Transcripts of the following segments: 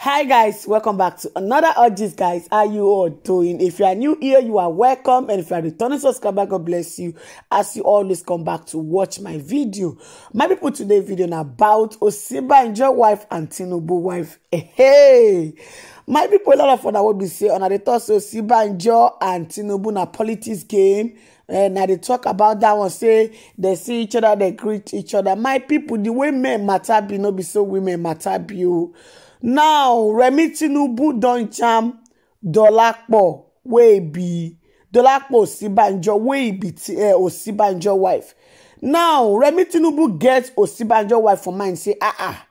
hi guys welcome back to another urges guys how you all doing if you are new here you are welcome and if you are returning subscriber god bless you as you always come back to watch my video my people today video now about Osiba osinbajo wife and tinubu wife eh, hey my people a lot of fun I wey be say una dey talk say osinbajo and tinubu na politics game eh, Now they talk about that one say they see each other they greet each other my people the way men matter be no be so women matter be you. Oh now remi tinubu don jam dolapo wey be dolapo osinbajo wey be eh, osinbajo wife now remi tinubu get osinbajo wife for mind say ah ah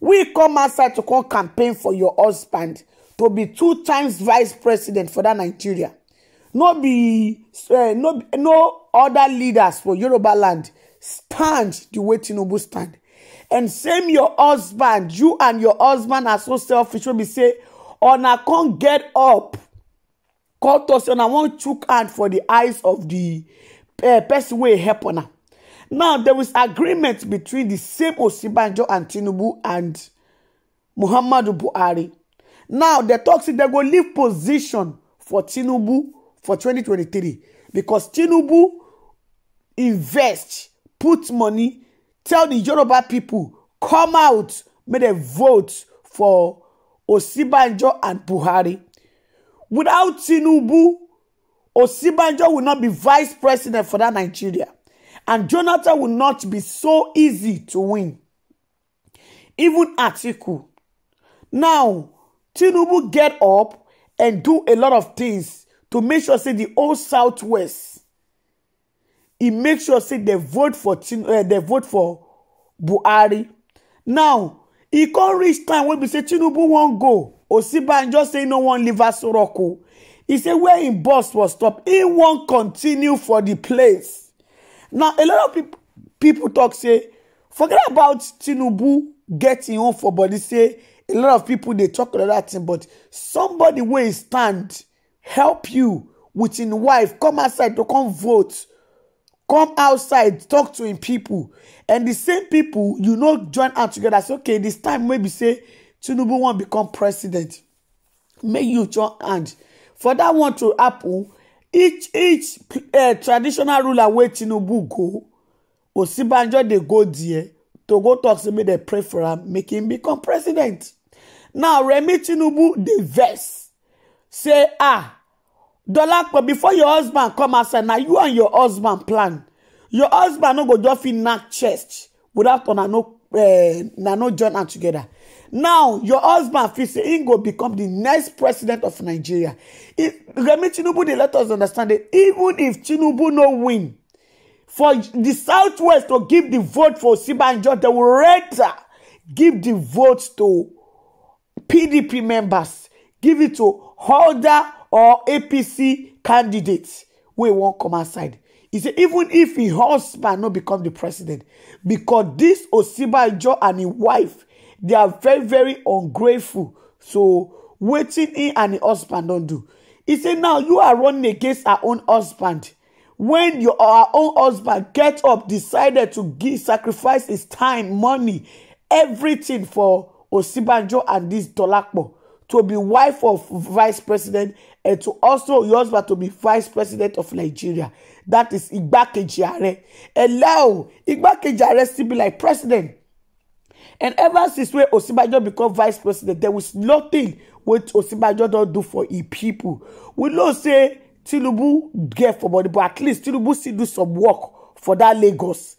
we come outside to come campaign for your husband to be two times vice president for that nigeria no be eh, no no other leaders for yoruba land stand The way tinubu stand and same your husband you and your husband are so selfish When we say una oh, come get up come talk say una wan chook hand for the eyes of the uh, person wey help una now there was agreement between the same osinbajo and tinubu and muhammadu buhari now they talk say dem go leave position for tinubu for 2023 because tinubu invest put money tell the Yoruba people, come out, make them vote for Osibanjo and Buhari. Without Tinubu, Osibanjo will not be vice president for that Nigeria. And Jonathan will not be so easy to win. Even Atiku. Now, Tinubu get up and do a lot of things to make sure say the old Southwest He make sure say they vote for eh, they vote for buhari now e come reach time wey be say tinubu wan go osinbajo say e no wan leave asoroko He say where im bus was stop He wan continue for the place now a lot of people talk say forget about tinubu get im own for body say a lot of pipo dey tok that thing but somebody wey stand help you with im wife come outside to come vote come outside talk to him people, and the same people you know join am together. say okay this time maybe say tinubu wan become president make you join hand for that one to happen each each eh, traditional ruler wey tinubu go osinbajo dey go there to go talk say make dem pray for am make him become president now remi tinubu dey vex say ah dolapo before your husband come outside now you and your husband plan your husband no go just fit knack chest without una no eh, na no join am together now your husband fit say go become the next president of nigeria if remi tinubu dey let us understand it. even if tinubu no win for the southwest to give the vote for osinbajo they will rather give the vote to pdp members give it to Holder or apc candidate wey wan come outside He say even if im husband no become the president because this osinbajo and im wife they are very very ungrateful so wetin im and im husband don do He say now you are running against our own husband When your our own husband get up decided to give sacrifice his time money everything for Osibanjo and this dolapo to be wife of vice president and to also your husband to be vice president of Nigeria. That is Igbakeji Aare. Allow Igbakeji Aare still be like president. And ever since when Osinbajo become vice president, there was nothing what Osinbajo don do for his people. We know say Tinubu get for money, but at least Tinubu still do some work for that Lagos.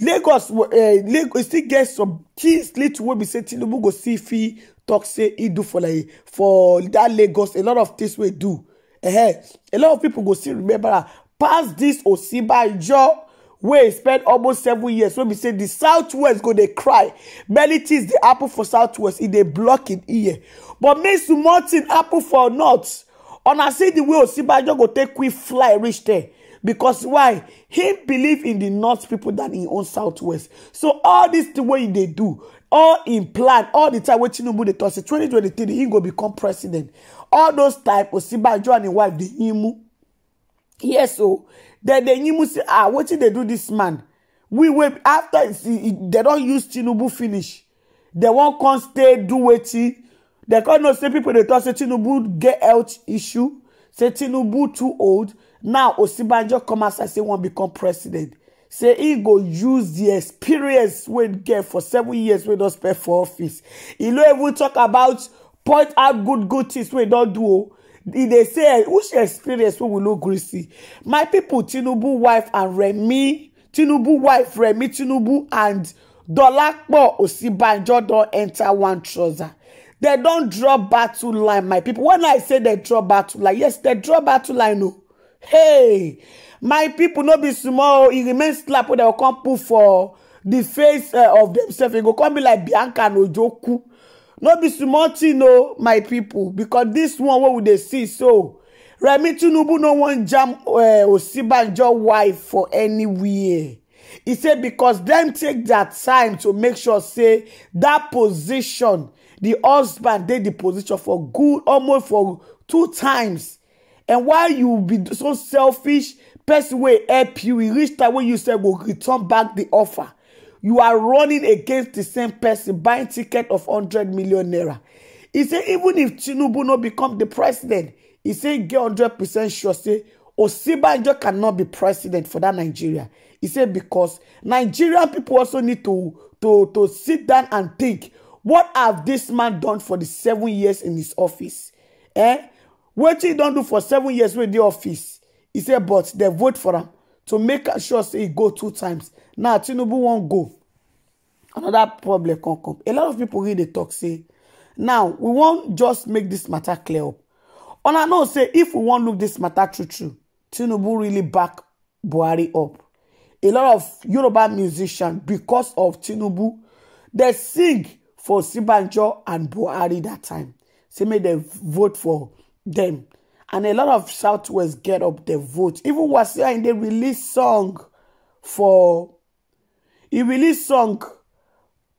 Lagos, uh, eh, Lagos still get some key little wey be say Tinubu go see fee talk say he do for like for that lagos a lot of things we do eh a lot of people go still remember her pass dis osinbajo wey spend almost seven years wey be say di southwest go they cry many tins the apple for southwest e they block it here. but Miss Martin apple happen for north I see the way osinbajo go take quick fly reach there because why he believe in the north people than in own southwest so all this the way they do all in plan all the time wey tinubu dey talk say 2023 he go become president all those type of osinbajo and him wife the yimu yes so oh. then the yimu say ah wetin they do this man we wey after they don't use tinubu finish They won't come stay do wetin They come know say people they talk say tinubu get health issue say tinubu too old now Osibanjo come outside say wan become president say he go use the experience we get for seven years we don't spend for office He don't even talk about point out good good things we don't do o oh. they say say eh, which experience wey we know gree see my people tinubu wife and remi tinubu wife remi tinubu and dolapo Osibanjo don't enter one trouser They don't draw battle line my people. When i say they draw battle line yes they draw battle line o oh hey my people, no be small He remains slap they dem come put for the face eh, of themselves e go come be like bianca and ojoku no be small tin o my people, because this one what would they see so remi tinubu no wan jam eh, osinbajo wife for anywhere He said because them take that time to make sure say that position the husband they the position for good almost for two times and why you be so selfish person wey help you e reach that wey you sef will return back the offer you are running against the same person buying ticket of hundred million naira He said even if tinubu no become the president he said get hundred percent sure say osinbajo cannot be president for that nigeria He said because nigerian people also need to to to sit down and think what have this man done for the seven years in his office eh What he don't do for seven years with the office he said. but they vote for him to make sure say he go two times now tinubu won't go another problem come come a lot of people read the talk say now we won't just make this matter clear up On I know say if we won't look this matter true true tinubu really back buhari up a lot of yoruba musicians because of tinubu they sing for sibanjo and buhari that time say make they vote for Them and a lot of southwest get up dem vote even wasia in the release song for e release song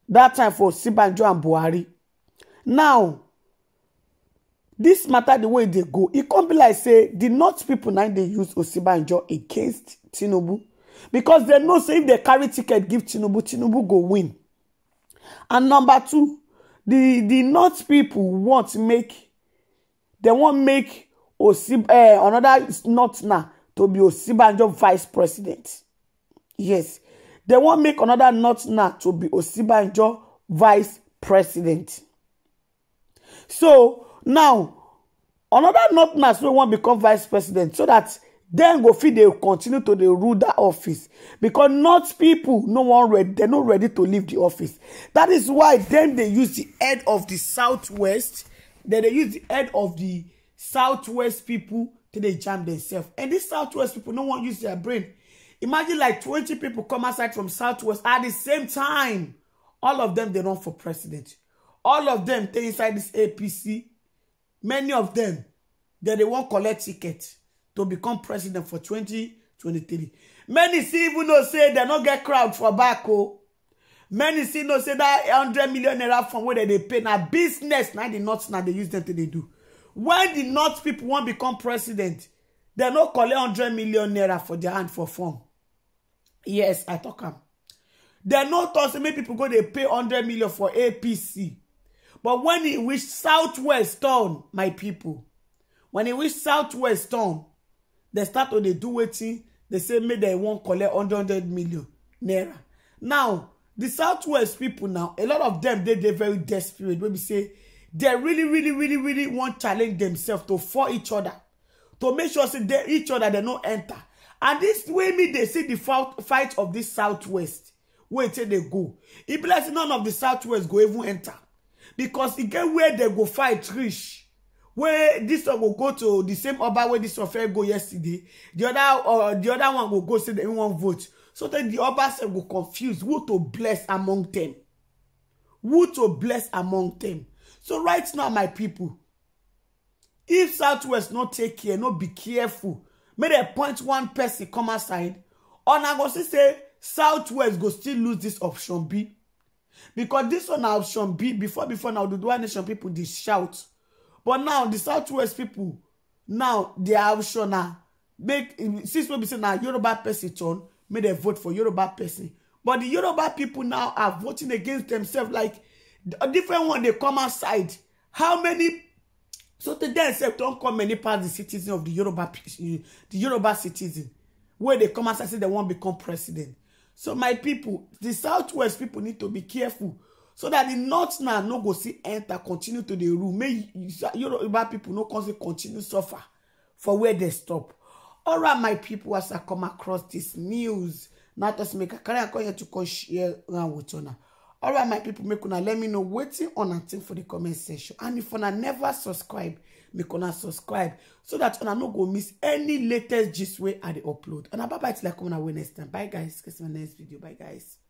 that time for sibanjo and buhari now this matter the way they go it e can't be like say the north people now they use Osibanjo against tinubu because they know say if they carry ticket give tinubu tinubu go win and number two the the north people want make They won't make osib uh, eh, another not now to be Osibanjo vice president yes they won't make another not now to be Osibanjo vice president so now another not now so wan become vice president so that then go fit dey continue to dey rule that office because not people no one ready dem not ready to leave the office That is why then they use the head of the southwest Then they use the head of the Southwest people to they jam themselves. And these Southwest people, no one use their brain. Imagine like 20 people come outside from Southwest at the same time. All of them, they run for president. All of them, they inside this APC. Many of them, that they won't collect ticket to become president for 2023. Many see even though say they don't get crowd for back, oh many still know say that 100 million naira fund wey dem dey pay na business na the north na dey use dem to dey do wen the north people wan become president dem no collect 100 million naira for their hand for form yes i talk am dem no tok say make pipo go dey pay 100 million for apc but when e reach southwest turn my people, when e reach southwest turn dem start to dey do wetin dey say make dem wan collect 100 million naira now the southwest people now a lot of them they they very desperate When we say they really really really really want challenge themselves to for each other to make sure say they, each other they no enter and this way me they see the fight of this southwest wey till they go it be none of the southwest go even enter because e get where they go fight rich. Where this one will go to the same oba where this affair go yesterday The other, uh, the other one will go say they won't vote so then the other side will confuse who to bless among them. Who to bless among them. So right now, my people, if Southwest not take care, no be careful, may they point one person come aside, or na go see say Southwest go still lose this option B. Because this one option B, before before now, the Dual Nation people they shout. But now the Southwest people, now they their option na make since we be say na Yoruba person turn, make dem vote for yoruba person but the yoruba people now are voting against themselves like a different one they come outside how many so today, I said, don't come many pass the citizen of the yoruba the yoruba citizen where they come outside say dem wan become president so my people, the southwest people need to be careful so that the north now no go see enter continue to the room. May yoruba people no continue suffer for where they stop all right my people as i come across this news not just make a carry am come here to come share am with you. all right my people make una let me know Waiting on a thing for the comment section and if una never subscribe make una subscribe so that una no go miss any latest gist way i dey upload And I bye bye till i come una wey next time bye guys see you next video bye guys.